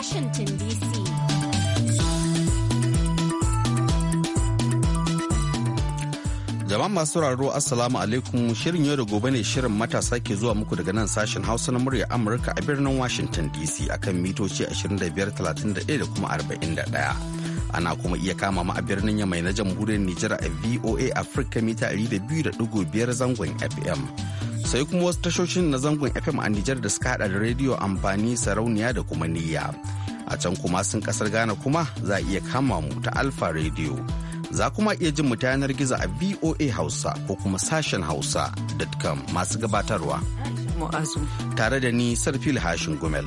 Washington DC. Jama'a masu sauraro Assalamu alaikum shirin yau da gobe ne shirin matasa ke zuwa muku daga nan sashen Hausa na murya Amurka a birnin Washington DC akan mitoci 2531 da kuma 41. ana kuma iya kama mu a birnin yamai na jamhuriyar Nijar a VOA Africa mita 200.5 zangon FM. sai kuma wasu tashoshin na zangon fm a nijar da suka hada da rediyo amfani sarauniya da kuma niyya a can kuma sun kasar ghana kuma za a iya kama mu ta alfa rediyo za kuma iya jin mu ta yanar gizo a voa hausa ko kuma sashen hausa hausa.com masu gabatarwa tare da ni sarfil hashin gumel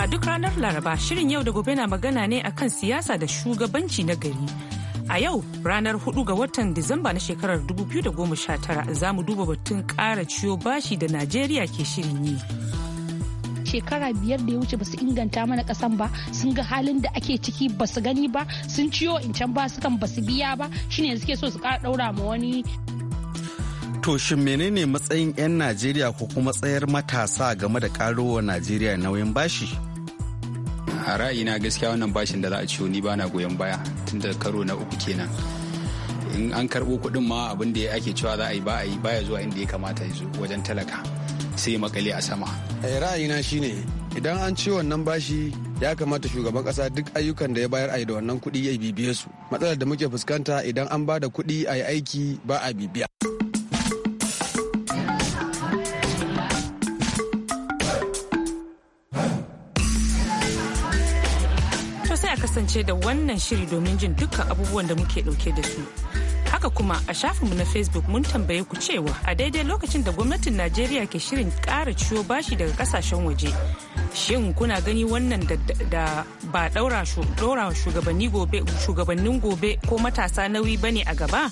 a duk ranar laraba shirin yau da gobe na magana ne akan siyasa da shugabanci na gari A yau ranar 4 ga watan Disamba na shekarar 2019 za mu duba batun kara ciwo bashi da Najeriya ke shirin yi. shekara biyar da ya wuce basu inganta mana kasan ba sun ga halin da ake ciki basu gani ba sun ciyo in can ba su kan basu biya ba shine suke so su kara daura ma wani to shin menene matsayin 'yan najeriya ko kuma tsayar matasa game da karowa najeriya nauyin bashi a ra'ayina gaskiya wannan bashin da za a ciyo ni na goyon baya tun da karo na uku kenan in an karɓo kuɗin ma abin da ake cewa za a yi ba a yi baya zuwa inda ya kamata yanzu wajen talaka sai makale a sama eh, ra'ayina shine idan an ci wannan bashi ya kamata shugaban kasa duk ayyukan da ya bayar a yi da wannan kuɗi ya bibiye su matsalar da muke fuskanta idan an ba da kuɗi a yi aiki ba a bibiya. kasance da wannan shiri domin jin dukkan abubuwan da muke ɗauke da su. Haka kuma a shafinmu na Facebook mun tambaye ku cewa a daidai lokacin da gwamnatin Najeriya ke shirin ƙara ciwo bashi daga kasashen waje. Shin kuna gani wannan da ba daura shugabannin gobe ko matasa nauyi ne a gaba?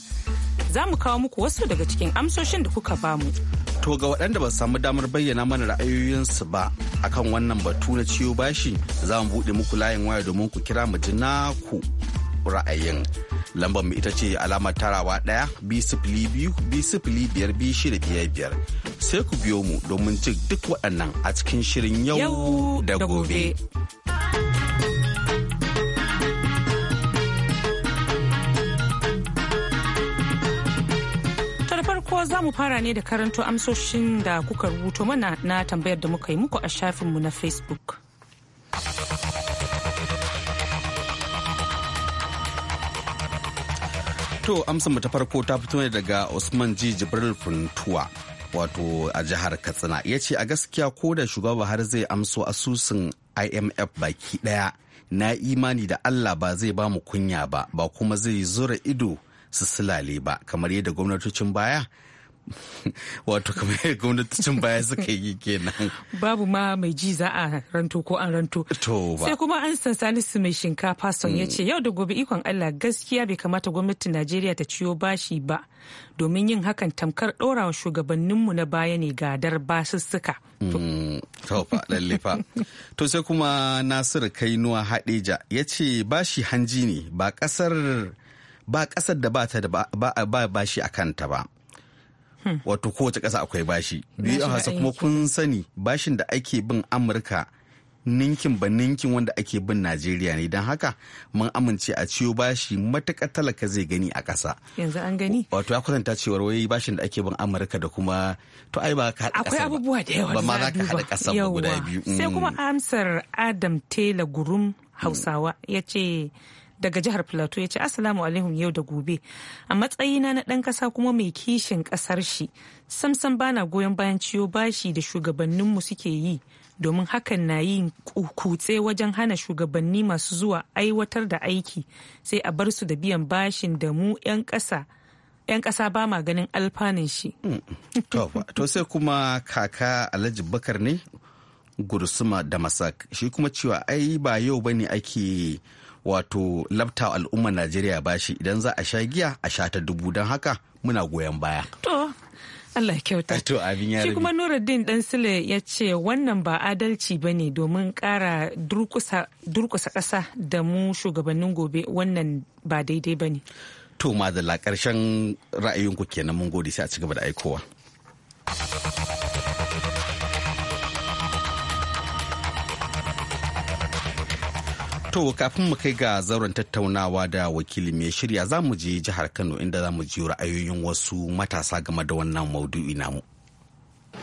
Za mu kawo muku wasu daga cikin amsoshin da kuka bamu. To ga waɗanda ba samu damar bayyana mana ra'ayoyinsu ba akan wannan batu na ciwo bashi za mu buɗe muku layin waya domin ku kira mu ji naku ra'ayin. Lambar mu ita ce alama tarawa ɗaya bi biyu bi biyar bi biyar biyar. Sai ku biyo mu domin cik duk waɗannan a cikin shirin yau da gobe. farko za mu fara ne da karanto amsoshin da kuka rubuto mana na tambayar da muka yi muku a shafinmu na facebook To amsar ta farko ta fito ne daga Usman Ji Jibril Funtuwa. Wato a jihar Katsina ya ce a gaskiya ko da shugaba Buhari zai amso asusun IMF baki daya na imani da Allah ba zai ba mu kunya ba ba kuma zai zura ido su silale ba kamar yadda gwamnatocin baya wato kamar gwamnatocin baya suka yi kenan babu ma mai ji za a ranto ko an ranto To ba. sai kuma an san salisu mai shinkafa son ya mm. ce yau da gobe ikon allah gaskiya bai kamata gwamnatin najeriya ta ciyo bashi ba domin yin hakan tamkar ɗora wa shugabanninmu na baya ne gadar basussuka mm. lalle fa. to sai kuma nasiru kainuwa hadeja ya ce bashi hanji ne ba kasar da ba ta da ba bashi a kanta ba wato kowace ƙasa akwai bashi biyu a hausa kuma kun sani bashin da ake bin amurka ninkin ba ninkin wanda ake bin najeriya ne don haka mun amince a ciyo bashi matuƙar talaka zai gani a ƙasa yanzu an gani wato ya kwatanta cewar wai bashin da ake bin amurka da kuma to ai ba ka akwai abubuwa da yawa ba za ka haɗa ƙasa ba guda biyu sai kuma mm. amsar adam taylor gurum mm. hausawa ya ce daga jihar plateau ya ce asalamu alaikum yau da gobe a matsayina na ɗan ƙasa kuma mai kishin ƙasar shi samsam bana goyon bayan ciyo bashi da shugabanninmu suke yi domin hakan na yi kutse wajen hana shugabanni masu zuwa aiwatar da aiki sai a bar su da biyan bashin da mu 'yan ƙasa 'yan ƙasa ba ma ganin alfanin shi. Mm. To sai kuma kaka Alhaji Bakar ne gursuma da masak shi kuma cewa ai ba yau ba ne ake wato labta al'ummar najeriya bashi idan za a sha giya a sha ta dubu don haka muna goyon baya to Allah kyauta. To abin ya kuma Nuruddin Dan Sule ya ce wannan ba adalci ba ne domin kara durkusa ƙasa da mu shugabannin gobe wannan ba daidai ba ne. To mazala ƙarshen ra'ayinku kenan mun gode sai a ci gaba da aikowa. To kafin mu kai ga zauren tattaunawa da wakili mai shirya za mu je jihar Kano inda za mu ji ra'ayoyin wasu matasa game da wannan maudu'i namu.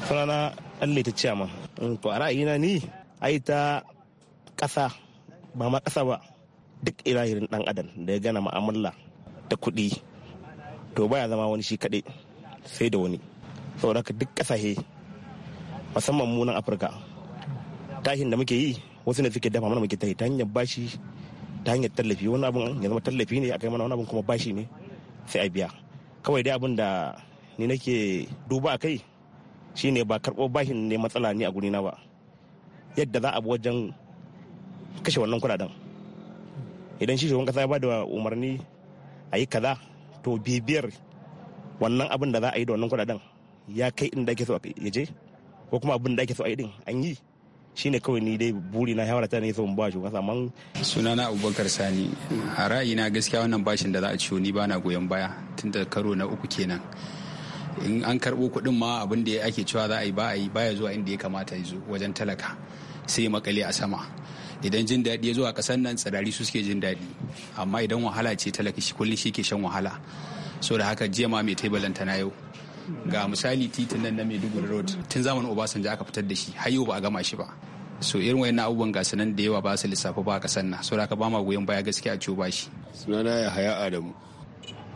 Sunana Allah ta ciyama. Mm, to a ra'ayina ni ai ta ƙasa ba ma ƙasa ba duk ilahirin ɗan adam da ya gana ma'amala da kuɗi to baya zama wani shi kaɗai sai da wani. Saboda duk ƙasashe musamman munan Afirka tashin da muke yi wasu ne suke dafa mana muke ta hanyar bashi ta hanyar tallafi wani abun ya zama tallafi ne akai mana wani abun kuma bashi ne sai a biya kawai dai abin da ni nake duba kai shine ba karɓo bashin ne matsala ni a guri na ba yadda za a bi wajen kashe wannan kudaden idan shi shugaban kasa ya bada umarni a yi kaza to bibiyar wannan abin da za a yi da wannan kudaden ya kai inda ake so ya je ko kuma abin da ake so a yi din an yi shi ne kawai ni dai buri na shawara ta ne zo in ba shi kasa man suna na Abubakar Sani a na gaskiya wannan bashin da za a ciwo ni bana goyon baya da karo na uku kenan in an karbo kuɗin ma abin da ake cewa za a yi ba a yi baya zuwa inda ya kamata ya zo wajen talaka sai makale a sama idan jin daɗi ya zo a ƙasar nan tsirari su suke jin daɗi amma idan wahala ce talaka shi kullum shi ke shan wahala so da haka jiya ma mai taibalanta na yau ga misali titin nan na maiduguri road tun zamanin obasanjo aka fitar da shi har yau ba a gama shi ba so irin wayannan abubuwan ga sanan da yawa ba su lissafa ba kasan sanna so da ba ma goyon baya gaskiya a ciwo ba shi sunana ya haya adamu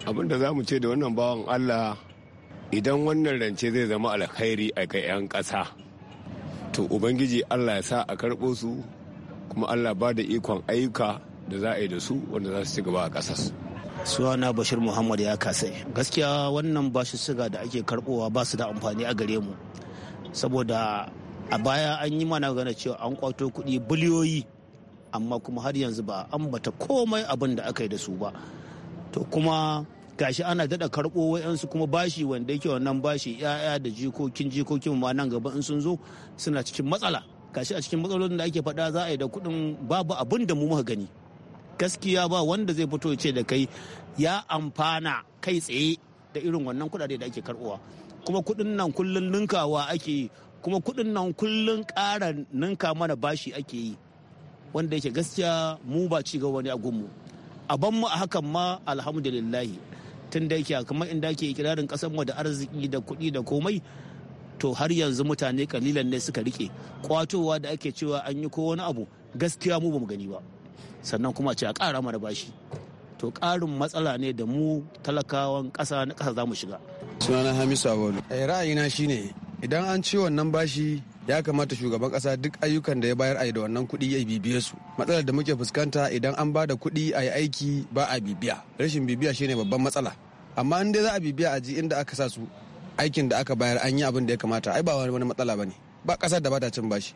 abin da za ce da wannan bawan allah idan wannan rance zai zama alkhairi a ga 'yan kasa to ubangiji allah ya sa a karɓo su kuma allah ba da ikon ayyuka da za a yi da su wanda za su ci gaba a kasar su suwana bashir muhammad ya kasai gaskiya wannan bashi siga da ake karbowa ba su da amfani a gare mu saboda a baya an yi mana gana cewa an kwato kuɗi biliyoyi amma kuma har yanzu ba an bata komai abin da aka yi da su ba to kuma gashi ana daɗa karɓo wa'yansu kuma bashi wanda yake wannan bashi ya'ya da jikokin jikokin ma nan gaba in sun zo suna cikin matsala gashi a cikin matsalolin da ake faɗa za a yi da kuɗin babu abin da mu muka gani gaskiya ba wanda zai fito ce da kai ya amfana kai tsaye da irin wannan kudade da ake karbowa kuma kudin nan kullun ninkawa ake yi kuma kudin nan kullun ƙara ninka mana bashi ake yi wanda yake gaskiya mu ba ci gaba ne a gunmu a mu a hakan ma alhamdulillahi tun da yake kamar inda ake kirarin ƙasar mu da arziki da kuɗi da komai to har yanzu mutane kalilan ne suka rike kwatowa da ake cewa an yi ko wani abu gaskiya mu bamu gani ba sannan kuma ce a ƙara mana bashi to ƙarin matsala ne da mu talakawan ƙasa na ƙasa za mu shiga sunana hamisu abolu eh, ra'ayina shi ne idan an ci wannan bashi ya kamata shugaban ƙasa duk ayyukan da ya bayar a da wannan kuɗi ya bibiye su matsalar da muke fuskanta idan an ba da kuɗi a yi aiki ba a bibiya rashin bibiya shi ne babban matsala amma in dai za a bibiya a ji inda aka sa su aikin da aka bayar an yi abin da ya kamata ai ba wani matsala ba ne ba ƙasar da ba ta cin bashi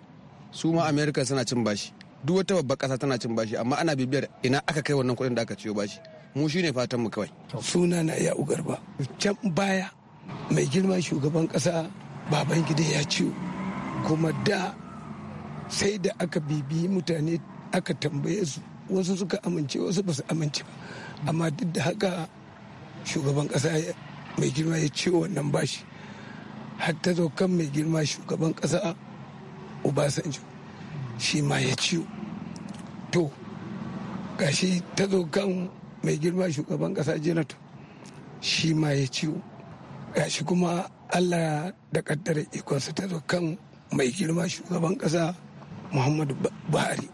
su ma america suna cin bashi duk wata babbar ƙasa tana cin bashi amma ana bibiyar ina aka kai wannan kuɗin da aka ciyo bashi mu shine fatan mu kawai suna na iya ugarba can baya mai girma shugaban kasa baban gida ya ciyo kuma da sai da aka bibi mutane aka tambaye su wasu suka amince wasu ba su amince ba amma duk da haka shugaban ƙasa mai girma ya ciyo wannan bashi har ta zo kan mai girma shugaban kasa obasanjo shi ma ya ciyo to gashi ta zo kan mai girma shugaban kasa janet shi ma ya ciwo gashi kuma allah da kaddara ikonsa ta zo kan mai girma shugaban kasa muhammadu buhari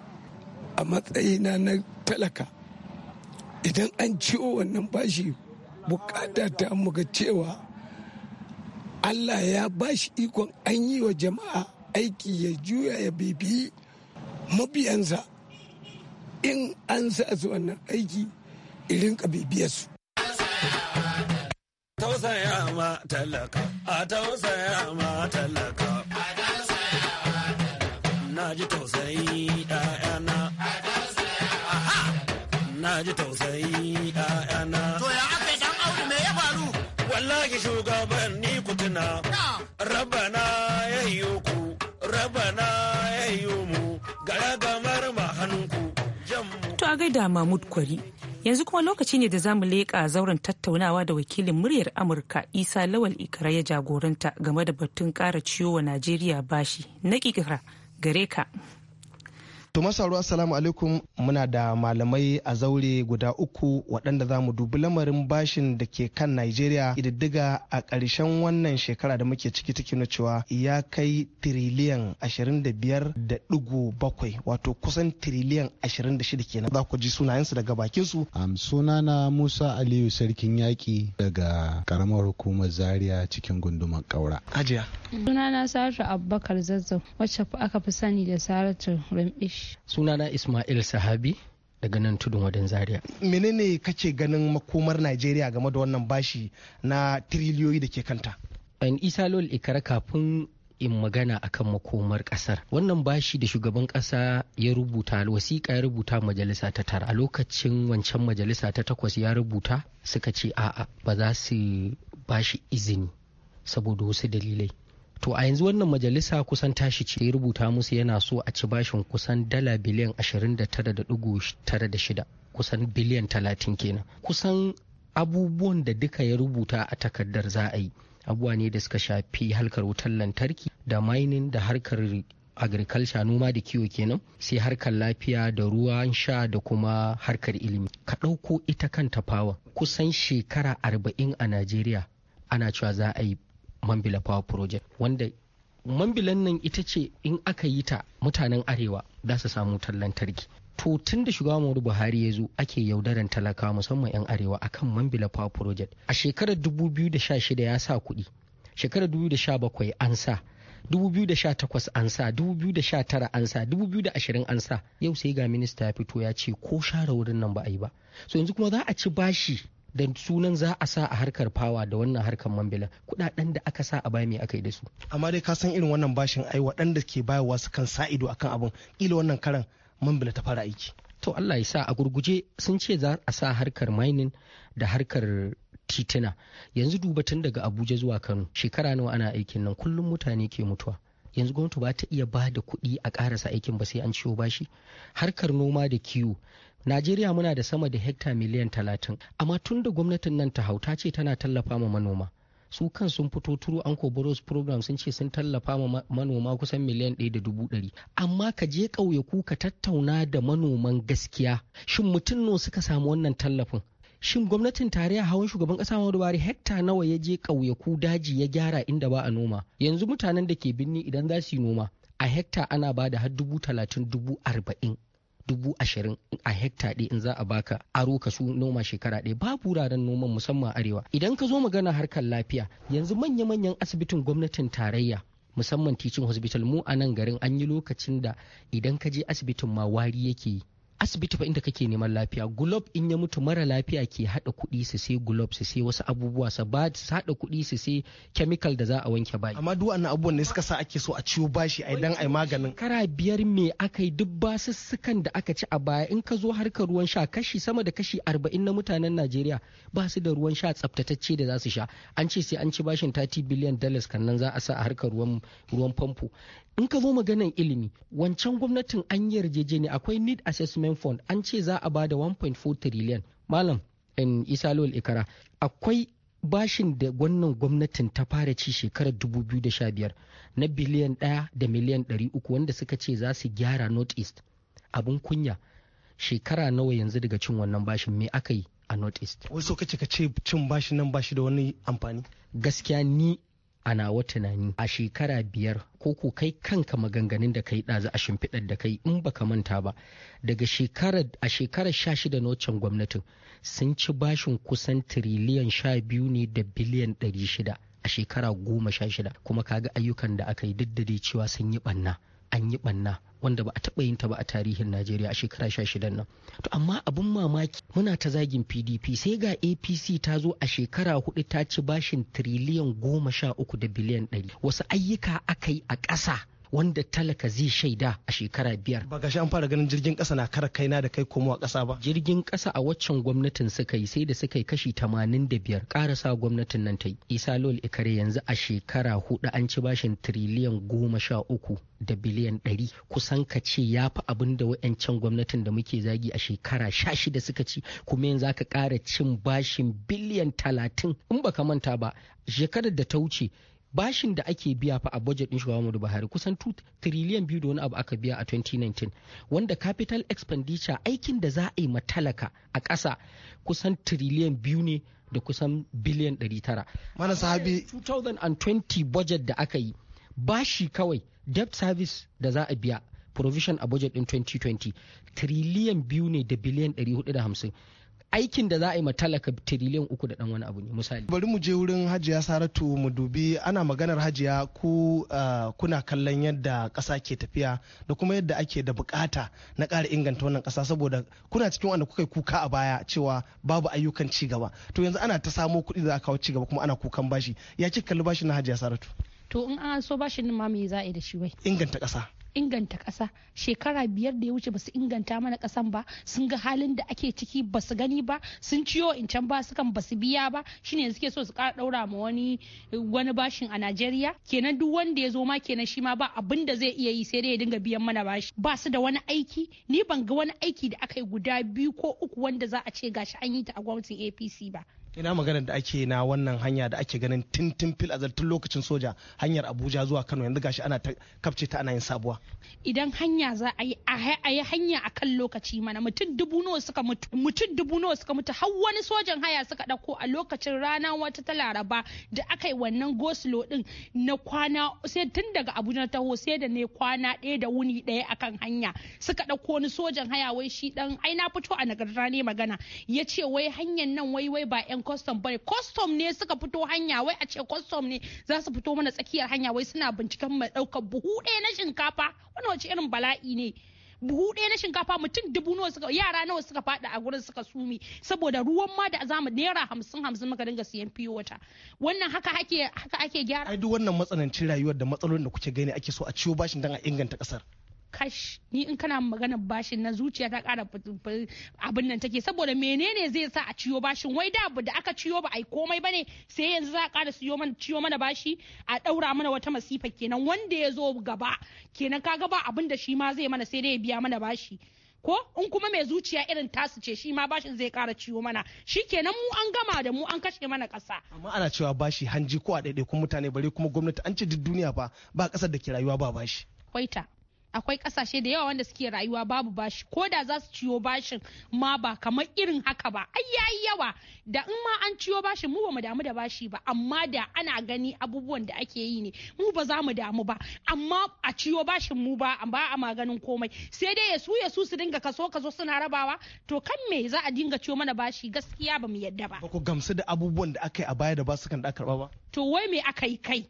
a matsayina na talaka idan an ciwo wannan bashi bukata ta muga cewa allah ya bashi ikon an yi wa jama'a aiki ya juya ya bibiyi mabiyansa in an sa su wannan aiki irin bibiyar su. Tausaya ma talaka, a tausaya ma talaka. Na ji tausayi ɗayana. Na ji tausayi ɗayana. To ya aka yi ɗan auri me ya faru? Wallahi shugaban ni kutuna. Rabana gaida Mahmud Kwari. Yanzu kuma lokaci ne da za mu leƙa zauren tattaunawa da wakilin muryar Amurka Isa Lawal Ikara ya jagoranta game da batun ƙara ciwo wa Najeriya bashi na ƙiƙira gare ka. To masaru assalamu alaikum muna da malamai a zaure guda uku waɗanda za mu dubi lamarin bashin da ke kan Najeriya ididdiga a ƙarshen wannan shekara da muke ciki ciki na cewa ya kai tiriliyan da 25.7 wato kusan tiriliyan 26 kenan za ku ji sunayensu daga bakin su. Am sunana Musa Aliyu sarkin yaƙi daga ƙaramar hukumar Zaria cikin gundumar ƙaura Hajiya. na Saratu Abubakar Zazzau wacce aka fi sani da Saratu Rambish. sunana ismail sahabi daga nan tudun wadan zaria menene kace ganin makomar najeriya game da wannan bashi na tiriliyoyi da ke kanta an isa lol ikara kafin in magana akan makomar kasar wannan bashi da shugaban kasa ya rubuta wasiƙa ya rubuta majalisa ta tara a lokacin wancan majalisa ta takwas ya rubuta suka ce a'a ba za su bashi izini saboda wasu dalilai to a yanzu wannan majalisa kusan tashi ce ya rubuta musu yana so a ci bashin kusan dala biliyan 29.96 kusan biliyan 30 kenan kusan abubuwan da duka ya rubuta a takardar za a yi abubuwa ne da suka shafi halkar wutar lantarki da mining da harkar agriculture noma da kiwo kenan sai harkar lafiya da ruwan sha da kuma harkar ilimi ka ɗauko ita kanta fawa kusan shekara arba'in a najeriya ana cewa za a yi mambila power project wanda mambilan nan ita ce in aka yi ta mutanen arewa za su samu wutar lantarki to tun da shugaba Muhammadu Buhari ya zo ake yaudaran talaka musamman 'yan arewa akan Mambila Power Project a shekarar 2016 ya sa kuɗi shekarar 2017 an sa 2018 an sa 2019 an sa 2020 an sa yau sai ga minista ya fito ya ce ko share wurin nan ba a yi ba so yanzu kuma za a ci bashi da sunan za a sa a harkar fawa da wannan harkar mambila kuɗaɗen da aka sa a baya me aka yi da su amma dai ka san irin wannan bashin ai waɗanda ke bayarwa su kan sa ido akan abin kila wannan karan mambila ta fara aiki to Allah ya sa a gurguje sun ce za a sa harkar mining da harkar titina yanzu duba tun daga Abuja zuwa Kano shekara nawa ana aikin nan kullum mutane ke mutuwa yanzu gwamnati ba ta iya ba da kuɗi a ƙarasa aikin ba sai an ciwo bashi harkar noma da kiwo Najeriya muna da sama da hekta miliyan talatin amma tun da gwamnatin nan ta hauta ce tana tallafa ma manoma su kan sun fito turu an boros program sun ce sun tallafa ma manoma kusan miliyan ɗaya da dubu ɗari amma ka je ƙauyaku ka tattauna da manoman gaskiya shin mutum no suka samu wannan tallafin shin gwamnatin tarayya hawan shugaban ƙasa Muhammadu Buhari hekta nawa ya je ƙauyaku daji ya gyara inda ba a noma yanzu mutanen da ke binni idan za su yi noma a hekta ana ba da har dubu talatin dubu arba'in dubu ashirin a hekta ɗaya in za a baka aro ka su noma shekara ɗaya babu wuraren noman musamman arewa idan ka zo magana harkar lafiya yanzu manya-manyan asibitin gwamnatin tarayya musamman teaching hospital mu a nan garin an yi lokacin da idan ka je asibitin ma wari yake yi asibiti fa inda kake neman lafiya gulob in ya mutu mara lafiya ke hada kuɗi su sai gulob su sai wasu abubuwa su ba su hada kuɗi su sai chemical da za a wanke bayi amma duk wannan abubuwan ne suka sa ake so a ciwo bashi a idan ai maganin kara biyar me akai yi duk basussukan da aka ci a baya in ka zo harkar ruwan sha kashi sama da kashi arba'in na mutanen Najeriya ba su da ruwan sha tsaftatacce da za su sha an ce sai an ci bashin 30 biliyan dollars kannan za a sa a harkar ruwan ruwan famfo in ka zo maganan ilimi wancan gwamnatin an yi yarjejeniya akwai need assessment fund an ce za a bada 1.4 trillion malam in isa lawal ikara akwai bashin da wannan gwamnatin ta fara ci shekarar 2015 na biliyan 1 da miliyan 300 wanda suka ce za su gyara north east abin kunya shekara nawa yanzu daga cin wannan bashin me aka yi a north east wai so kace ka ce cin bashin nan bashi da wani amfani gaskiya ni Ana nawa tunani a shekara biyar ko ku kai kanka maganganun da kai ɗazu a shimfiɗar da kai in baka manta ba daga shekarar a shekarar sha shida na waccan gwamnatin sun ci bashin kusan tiriliyan sha biyu ne da biliyan ɗari shida a shekara goma sha shida kuma kaga ayyukan da aka yi duk cewa sun yi ɓanna an yi ɓanna wanda ba a taɓa yin ta ba a tarihin Najeriya a shekara sha shidan nan. To amma abin mamaki muna ta zagin PDP sai ga APC ta zo a shekara hudu ta ci bashin tiriliyan goma sha uku da biliyan ɗari. Wasu ayyuka aka yi a ƙasa wanda talaka zai shaida a shekara biyar. Ba gashi an fara ganin jirgin ƙasa na kara na da kai komowa ƙasa ba. Jirgin ƙasa a waccan gwamnatin suka yi sai da suka yi kashi tamanin da biyar sa gwamnatin nan ta yi. Isa Lol Ikare yanzu a shekara hudu an ci bashin tiriliyan goma sha uku da biliyan ɗari kusan ka ce ya fi abin da wa'yancan gwamnatin da muke zagi a shekara sha shida suka ci kuma yanzu aka ƙara cin bashin biliyan talatin in baka manta ba shekarar da ta wuce bashin da ake biya fa a budget din shugaba Muhammadu Buhari kusan 2 trillion biyu da wani abu aka biya a 2019 wanda capital expenditure aikin da za a yi matalaka a ƙasa kusan trillion biyu ne da kusan biliyan 900 mana sahabi 2020 budget da aka yi bashi kawai debt service da za a biya provision a budget din 2020 trillion biyu ne da biliyan 450 aikin da za a yi matalaka tiriliyan uku da dan wani abu ne misali bari mu je wurin hajiya saratu mu dubi ana maganar hajiya ku ah, kuna kallon yadda ƙasa ke tafiya da kuma yadda ake da bukata na ƙara inganta wannan ƙasa saboda kuna cikin wanda kuka yi kuka a baya cewa babu ayyukan ci gaba to yanzu ana ta samo kuɗi da aka kawo ci gaba kuma ana kukan bashi ya kika kalli bashi na hajiya saratu to in an so bashin ma me za a yi da shi wai inganta ƙasa inganta ƙasa shekara biyar da ya wuce basu inganta mana ƙasan ba sun ga halin da ake ciki basu gani ba sun ciwo in can ba sukan basu biya ba shine suke so su ƙara ɗaura ma wani wani bashin a Najeriya kenan duk wanda ya zo ma kenan shi ma ba abin da zai iya yi sai dai ya dinga biyan mana bashi ba su da wani aiki ni ban ga wani aiki da aka yi guda biyu ko uku wanda za a ce gashi an yi ta a gwamnatin APC ba ina magana da ake na wannan hanya da ake ganin tintin fil a zartun lokacin soja hanyar abuja zuwa kano yanzu gashi ana kafce ta ana yin sabuwa idan hanya za a yi a yi hanya a kan lokaci mana mutum dubu nawa suka mutu mutum dubu nawa suka mutu har wani sojan haya suka dauko a lokacin rana wata ta laraba da aka yi wannan goslo din na kwana sai tun daga abuja taho sai da ne kwana ɗaya da wuni ɗaya akan hanya suka dauko wani sojan haya wai shi dan ai na fito a nagarta ne magana ya ce wai hanyar nan wai wai ba yan jami'an custom bane custom ne suka fito hanya wai a ce custom ne za su fito mana tsakiyar hanya wai suna binciken mai daukar buhu ɗaya na shinkafa wani wace irin bala'i ne buhu ɗaya na shinkafa mutum dubu nawa suka yara nawa suka faɗa a gurin suka sumi saboda ruwan ma da zamu naira hamsin hamsin muka dinga siyan fiye wata wannan haka ake haka ake gyara ai duk wannan matsanancin rayuwar da matsalolin da kuke gani ake so a ciwo bashin dan a inganta kasar kash ni in kana magana bashin na zuciya ta kara abin nan take saboda menene zai sa a ciyo bashin wai da da aka ciyo ba ai komai bane sai yanzu za a kara siyo mana ciyo mana bashi a daura mana wata masifa kenan wanda ya zo gaba kenan kaga ba abin da shi ma zai mana sai dai ya biya mana bashi ko in kuma mai zuciya irin tasu ce shi ma bashin zai kara ciwo mana shi kenan mu an gama da mu an kashe mana kasa. amma ana cewa bashi hanji ko a ɗaiɗaikun mutane bare kuma gwamnati an ce duk duniya fa ba ƙasar da ke rayuwa ba bashi. kwaita akwai kasashe da yawa wanda suke rayuwa babu bashi ko da za su ciyo bashin ma ba kamar irin haka ba ai yayi yawa da in ma an ciyo bashin mu ba mu damu da bashi ba amma da ana gani abubuwan da ake yi ne mu ba za mu damu ba amma a ciyo bashin mu ba ba a maganin komai sai dai ya su su su dinga kaso kaso suna rabawa to kan me za a dinga ciyo mana bashi gaskiya ba mu yadda ba ba ku gamsu da abubuwan da aka yi a baya da ba su kan da karba ba to wai me aka yi kai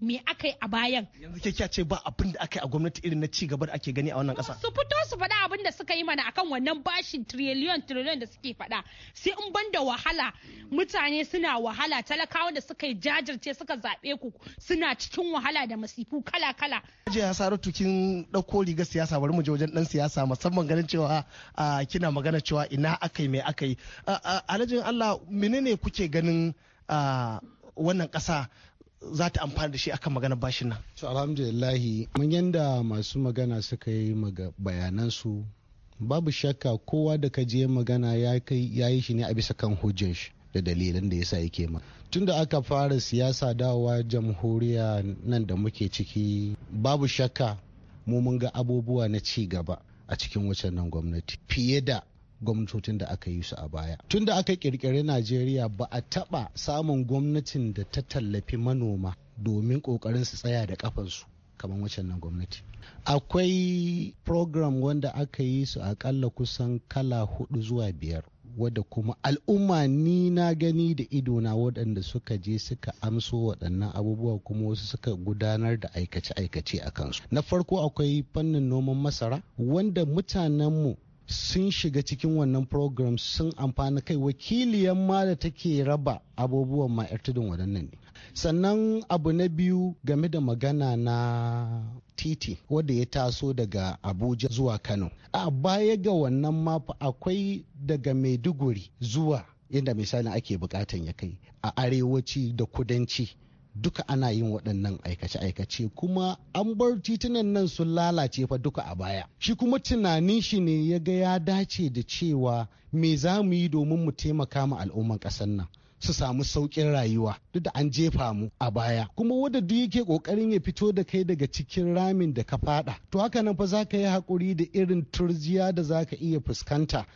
me aka yi a bayan. Yanzu ke ce ba abin da aka yi a gwamnati irin na ci gaba da ake gani a wannan ƙasa. Su fito su faɗa abin da suka yi mana akan wannan bashin tiriliyon tiriliyon da suke faɗa. Sai in ban da wahala mutane suna wahala talakawa da suka yi jajirce suka zaɓe ku suna cikin wahala da masifu kala kala. je ya saro kin ɗauko riga siyasa bari mu je wajen ɗan siyasa musamman ganin cewa kina magana cewa ina aka yi me aka yi. Alhajin Allah menene kuke ganin wannan ƙasa za ta amfana da shi akan magana bashin nan. To alhamdulillahi mun yanda masu magana suka yi bayanan su babu shakka kowa da ka je magana ya yi shi ne a bisa kan hujjar shi da dalilan da yasa yake ma. Tun da aka fara siyasa dawowa jamhuriya nan da muke ciki babu shakka mu mun ga abubuwa na ci gaba a cikin nan gwamnati fiye da gwamnatocin da aka yi su a baya tun da aka kirkiri najeriya ba a taɓa samun gwamnatin da ta tallafi manoma domin ƙoƙarin su tsaya da kafansu kamar waccan nan gwamnati akwai program wanda aka yi su akalla kusan kala hudu zuwa biyar wadda kuma al'umma ni na gani da idona waɗanda suka je suka amso waɗannan abubuwa kuma wasu suka gudanar da aikace-aikace a kansu na farko akwai fannin noman masara wanda mutanenmu sun shiga cikin wannan program sun amfana kai wakiliyan ma da take raba abubuwan ma tudun waɗannan ne sannan abu na biyu game da magana na titi wadda ya taso daga abuja zuwa kano a baya ga wannan mafi akwai daga maiduguri zuwa inda misali ake bukatan ya kai a arewaci da kudanci duka ana yin waɗannan aikace-aikace kuma an bar titunan nan sun lalace fa duka a baya shi kuma tunanin shi ne ya ga ya dace da cewa me za mu yi domin mu taimaka ma al'umman ƙasar nan su samu sauƙin rayuwa duk da an jefa mu a baya kuma wanda duk yake ƙoƙarin ya fito da kai daga cikin ramin da ka faɗa, to haka nan fa za ka yi haƙuri da irin turjiya da za ka iya fuskanta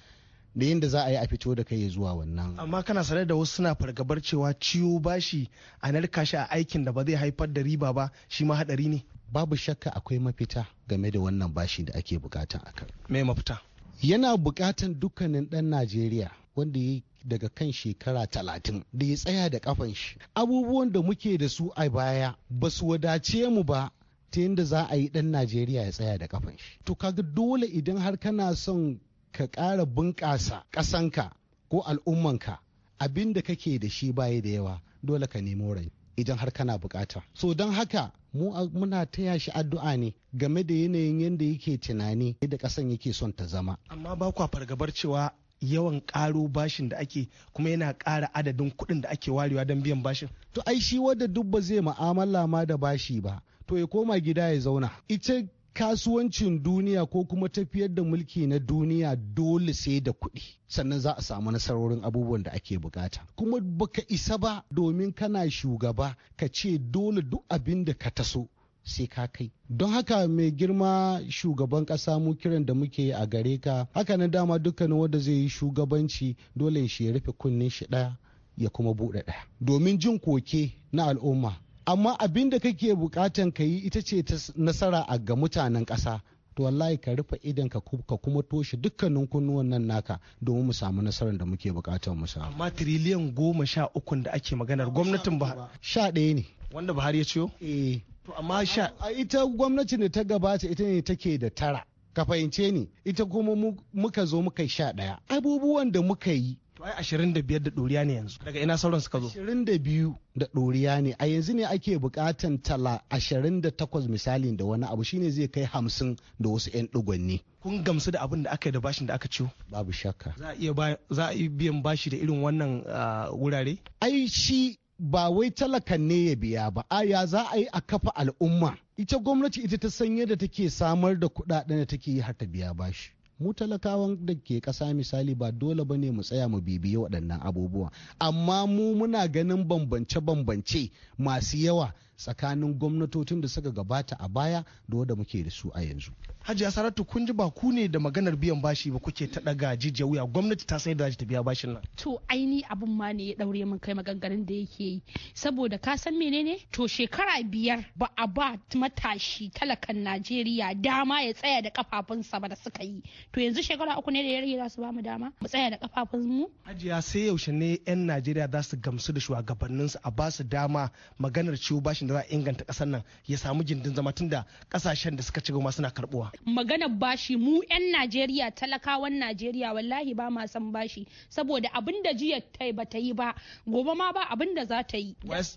da yadda za a yi a fito da kai zuwa wannan amma kana sanar da wasu suna fargabar cewa ciwo bashi a narka shi a aikin da ba zai haifar da riba ba shi ma hadari ne babu shakka akwai mafita game da wannan bashi da ake bukata a kan me mafita yana bukatan dukkanin ɗan najeriya wanda ya daga kan shekara talatin da ya tsaya da kafan shi abubuwan da muke da su a baya ba su wadace mu ba ta yadda za a yi ɗan najeriya ya tsaya da kafan shi to kaga dole idan har kana son ka ƙara bunƙasa ƙasanka ko al'ummanka abin da kake da shi baya da yawa dole ka nemo rai idan har kana bukata so don haka mu muna taya shi addu'a ne game da yanayin yadda yake tunani da kasan yake son ta zama amma ba kwa fargabar cewa yawan ƙaro bashin da ake kuma yana ƙara adadin kuɗin da ake warewa don biyan bashin to ai shi wadda duk ba zai ma'amala ma da bashi ba to ya koma gida ya zauna ita kasuwancin duniya ko kuma tafiyar da mulki na duniya dole sai da kuɗi sannan za a samu nasarorin abubuwan da ake bukata kuma baka isa ba domin kana shugaba ka ce dole duk abin da ka taso sai ka kai don haka mai girma shugaban ƙasa mu kiran da muke a gare ka haka na dama dukkanin wanda zai yi shugabanci dole shi ya rufe kunnen shi ɗaya ya kuma buɗe ɗaya domin jin koke na al'umma amma abin da kake bukatan ka yi ita ce ta nasara a ga mutanen ƙasa to wallahi ka rufe idan ka kuma toshe dukkanin kunnuwan nan naka domin mu samu nasarar da muke bukatan mu samu amma tiriliyan goma sha ukun da ake maganar gwamnatin ba sha ɗaya ne wanda buhari ya ciyo eh to amma sha a ita gwamnati ne ta gabata ita ne take da tara ka fahimce ni ita kuma muka zo muka sha ɗaya abubuwan da muka yi to ai ashirin da ɗoriya ne yanzu daga ina sauran suka zo Ashirin da biyu da ɗoriya ne a yanzu ne ake buƙatan tala ashirin da takwas misali da wani abu shine zai kai hamsin da wasu 'yan ɗigwanni kun gamsu da abin da aka yi da bashin da aka ciwo babu shakka za a iya za a biyan bashi da irin wannan ah, wurare ai shi ba wai talakan ne ya biya ba aya za a yi a kafa al'umma ita gwamnati ita ta sanya da take samar da kuɗaɗen da take yi har ta biya bashi mu talakawan da ke ƙasa misali ba dole ba ne mu tsaya mu bibiye waɗannan abubuwa amma mu muna ganin bambance-bambance masu yawa tsakanin gwamnatocin da suka gabata a baya da wadda muke da su a yanzu. Hajiya Saratu kun ji ba ku ne da maganar biyan bashi ba kuke ta daga jijiya wuya gwamnati ta sai da ta biya bashin nan. To aini abin ma ne ya daure min kai maganganun da yake yi saboda ka san menene to shekara biyar ba a ba matashi talakan Najeriya dama ya tsaya da kafafunsa ba da suka yi to yanzu shekara uku ne da ya rage za su ba mu dama mu tsaya da kafafun Hajiya sai yaushe ne 'yan Najeriya za su gamsu da shugabanninsu a ba su dama maganar ciwo bashin da za a inganta kasar nan ya samu gindin zama tunda kasashen da suka ci goma suna karbuwa maganar bashi mu yan Najeriya talakawan Najeriya wallahi ba ma san bashi saboda abin da jiya ta ba ta yi ba gobe ma ba abin da za ta yi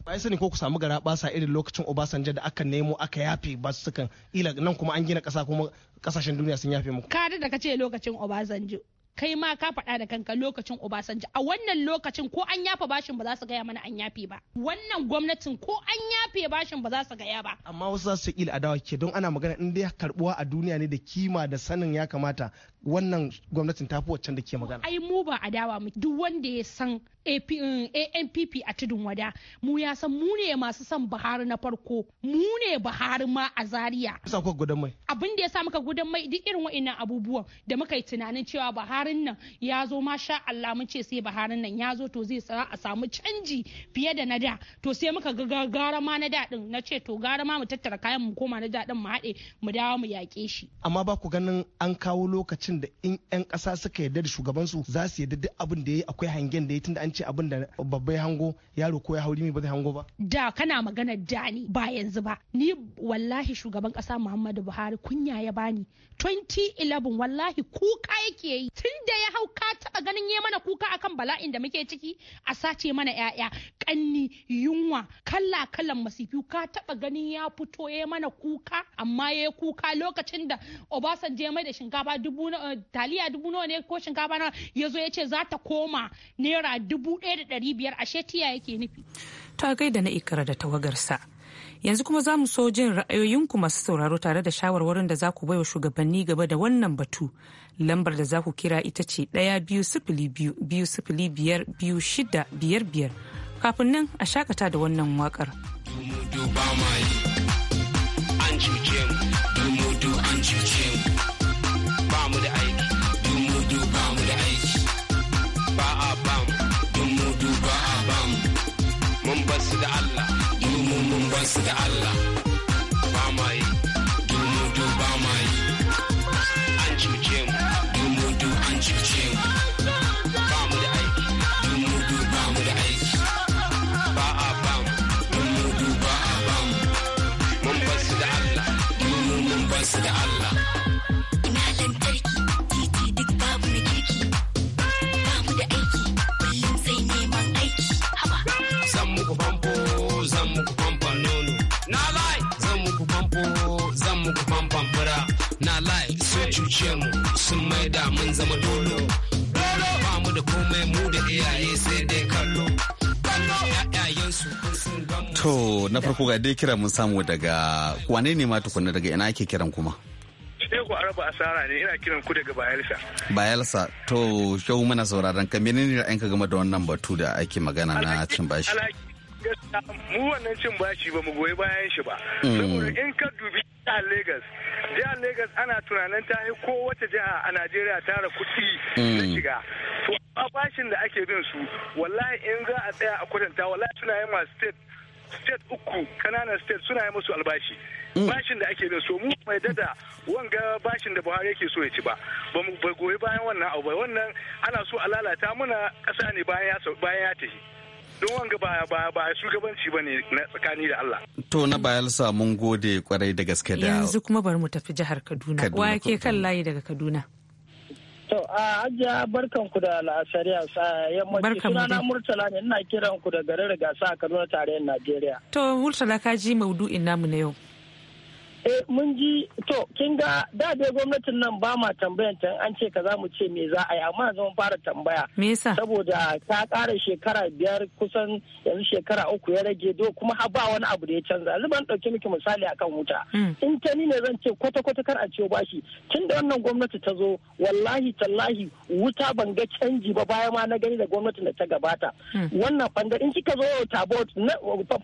ya sani ko ku samu gara basa irin lokacin Obasanjo da aka nemo aka yafe ba su kan ila nan kuma an gina kasa kuma kasashen duniya sun yafe muku kada da kace lokacin Obasanjo kai ma ka faɗa da kanka lokacin Obasanjo a wannan lokacin ko an yafa bashin ba za su gaya mana an yafe ba wannan gwamnatin ko an yafe bashin ba za su gaya ba amma wasu za su ƙila adawa ke don ana magana in dai karbuwa a duniya ne da kima da sanin ya kamata wannan gwamnatin ta fi waccan da ke magana ai mu ba adawa mu duk wanda ya san ANPP um, a tudun wada mu ya san mu ne masu son Buhari na farko mu ne Buhari ma a Zaria abin da ya sa muka gudan mai duk irin wa'annan abubuwan da muka yi tunanin cewa Buharin nan ya zo ma sha Allah mun ce sai Buharin nan ya zo to zai sa a samu canji fiye da na da to sai muka ga gara ma na da din na ce to gara ma mu tattara kayan mu koma na da din mu haɗe mu dawo mu yaƙe shi amma ba ku ganin an kawo lokacin da in 'yan ƙasa suka yarda da shugabansu za su yarda duk abin da ya yi akwai hangen da ya tunda an ce abin da babbai hango yaro ko ya hauri mai ba zai hango ba da kana magana da ni ba yanzu ba ni wallahi shugaban kasa Muhammadu Buhari kunya ya bani 2011 wallahi kuka yake yi tun da ya hau ka taba ganin ya mana kuka akan bala'in da muke ciki a sace mana yaya kanni yunwa kalla kallan masifi ka taba ganin ya fito ya mana kuka amma ya kuka lokacin da Obasanjo ya mai da shinkafa dubu eh, taliya dubu nawa ne ko shinkafa nawa ya ya ce za ta koma naira dubu dubu ɗaya da yake nufi. na ikara da tawagarsa. Yanzu kuma za mu so jin ra'ayoyinku masu sauraro tare da shawarwarin da za ku baiwa shugabanni gaba da wannan batu. Lambar da za ku kira ita ce ɗaya biyu sifili biyu biyu sifili biyar biyu shida biyar biyar. Kafin nan a shakata da wannan waƙar. tsakaninsu da Allah. farko ga dai kira mun samu daga wane ne ma tukunna daga ina ake kiran kuma Shehu Araba Asara ne ina kiran ku daga Bayelsa. Bayelsa to shehu muna sauraron ka menene ra'ayinka game da wannan batu da ake magana na cin bashi? mu wannan cin bashi ba mu goyi bayan shi ba mm. saboda in ka dubi jihar Legas jihar Legas ana tunanin ta yi ko wata jiha a Najeriya tara kuɗi na mm. shiga to bashin da ake bin su wallahi in za a tsaya a kwatanta wallahi suna yin masu state state uku kananan state suna yi musu albashi mm. bashin da ake da so mu mai dada wanga bashin da buhari yake so ya ci ba ba mu goyi bayan wannan abu wannan ana so a lalata muna ƙasa ne bayan ya tafi don wanga ba ba ba shugabanci bane na tsakani da Allah. To na bayalsa mun gode kwarai da gaske da. Yanzu kuma bari mu tafi jihar Kaduna. Wa yake kan layi daga Kaduna? To a ajiya barkan ku da a yammaci sunana Murtala ne ina kiran ku da garin gasa a Kaduna tarayyar Najeriya. To Murtala ka ji maudu'in namu na yau. Eh mun ji to kin ga da dai gwamnatin nan ba ma tambayan can an ce za mu ce me za a yi amma yanzu fara tambaya. Me Saboda ta ƙara shekara biyar kusan yanzu shekara uku ya rage do kuma har ba wani abu da ya canza. Yanzu ban ɗauki miki misali akan wuta. Mm. In ta ni ne zan ce kwata kwata kar a ciwo bashi tun da wannan gwamnati ta zo wallahi tallahi wuta ban ga canji ba bayan ma na gani da gwamnatin da ta gabata. Mm. Wannan bangare in kika zo wata board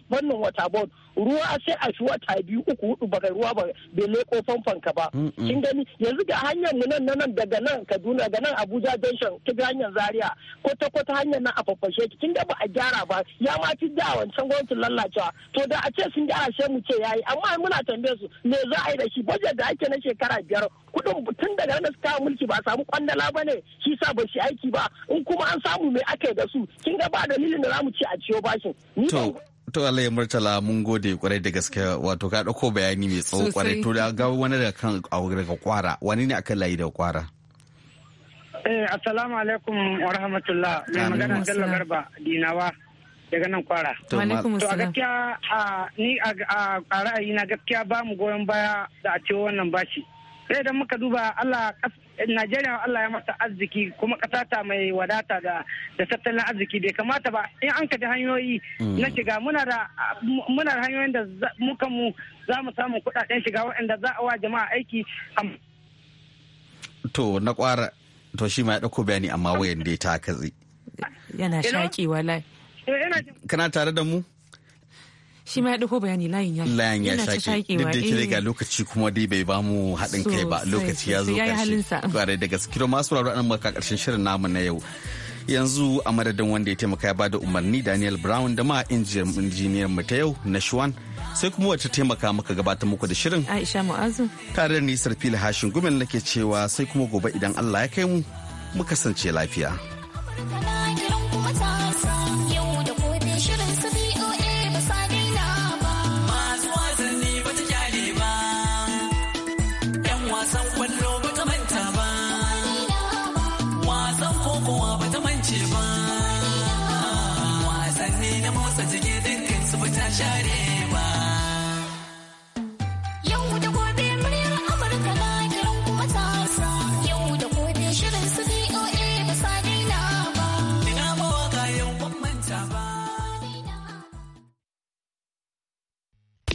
fannin wata board ruwa sai a shi wata biyu uku hudu baka ruwa ba bai leko famfan ka ba kin gani yanzu ga hanyar mu nan nan daga nan Kaduna ga nan Abuja junction ta ga hanyar Zaria ko ta hanyar nan a fafashe ki kin ga ba a gyara ba ya ma ci da wancan gwamnatin lallacewa to da a ce sun gyara sai mu ce yayi amma muna tambaye su me za a yi da shi budget da ake na shekara biyar kudin tun daga nan suka mulki ba samu kwandala ba ne shi sa ba shi aiki ba in kuma an samu me aka yi da su kin ga ba dalilin da za mu ce a ciyo bashin ni To Allah ya murtala mun gode kwarai da gaske wato ka dauko bayani mai tsawo kwarai to da ga wani daga kan daga kwara wani ne akan layi da kwara. Eh assalamu alaikum wa rahmatullah mai magana Jalla Garba Dinawa daga nan kwara. To a gaskiya ni a ra'ayi na gaskiya ba mu goyon baya da a ce wannan bashi. Sai idan muka duba Allah Najeriya Allah ya mata arziki kuma ƙasa ta mai wadata da da tattalin arziki bai kamata ba in an kaji hanyoyi mm. na shiga muna da muna da hanyoyin da muka mu za mu samu kuɗaɗen shiga waɗanda za a wa jama'a aiki to na kwara to shi ma ya ɗauko bayani amma wayan da ta katsi yana shaƙi wallahi eh, kana tare da mu shi ma ya dauko bayani layin ya layin ya ta duk da ke daga eh. lokaci kuma dai bai ba mu haɗin kai ba lokaci ya zo karshe kwarai da gaske masu sauraro an maka ƙarshen shirin namu na yau yanzu a madadin wanda ya taimaka ya bada umarni daniel brown da ma injiniyar mu ta yau na shuwan sai kuma wata taimaka maka gabatar muku da shirin aisha mu'azu tare da nisar fili hashin gumin nake cewa sai kuma gobe idan allah ya kai mu mu kasance lafiya.